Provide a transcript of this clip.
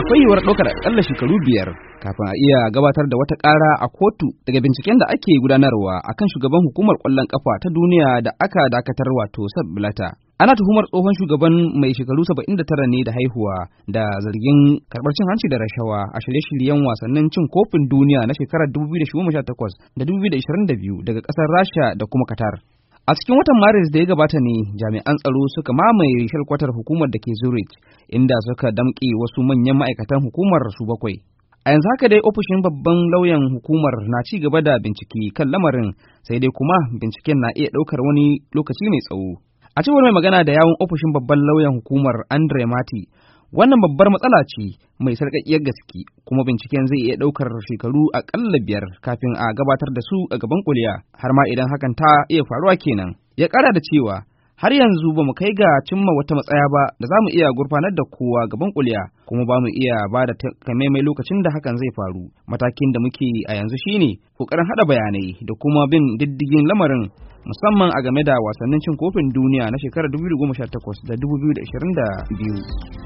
akwai yiwuwar ɗaukar akalla shekaru biyar kafin a iya gabatar da wata ƙara a kotu daga binciken da ake gudanarwa akan shugaban hukumar ƙwallon ƙafa ta duniya da aka dakatar wato sab bilata. Ana tuhumar tsohon shugaban mai shekaru 79 ne da haihuwa da zargin karɓar cin hanci da rashawa a shirye-shiryen wasannin cin kofin duniya na shekarar 2018 da 2022 daga ƙasar Rasha da kuma Qatar. A cikin watan Maris da ya gabata ne jami'an tsaro suka mamaye shalkwatar hukumar da ke Zurich inda suka damƙe wasu manyan ma'aikatan hukumar su bakwai. A yanzu haka dai ofishin babban lauyan hukumar na ci gaba da bincike kan lamarin sai dai kuma binciken na iya ɗaukar wani lokaci mai tsawo. A cewar mai magana da yawun ofishin babban lauyan hukumar Andre Mati, Wannan babbar matsala ce mai sarƙaƙiyar gaske kuma binciken zai iya ɗaukar shekaru aƙalla biyar kafin a gabatar da su a gaban kuliya har ma idan hakan ta iya faruwa kenan. Ya ƙara da cewa har yanzu ba mu kai ga cimma wata matsaya ba da za mu iya gurfanar da kowa gaban kuliya kuma ba mu iya ba da takamaimai lokacin da hakan zai faru matakin da muke a yanzu shine kokarin hada bayanai da kuma bin diddigin lamarin musamman a game da wasannin cin kofin duniya na shekarar 2018 da 2022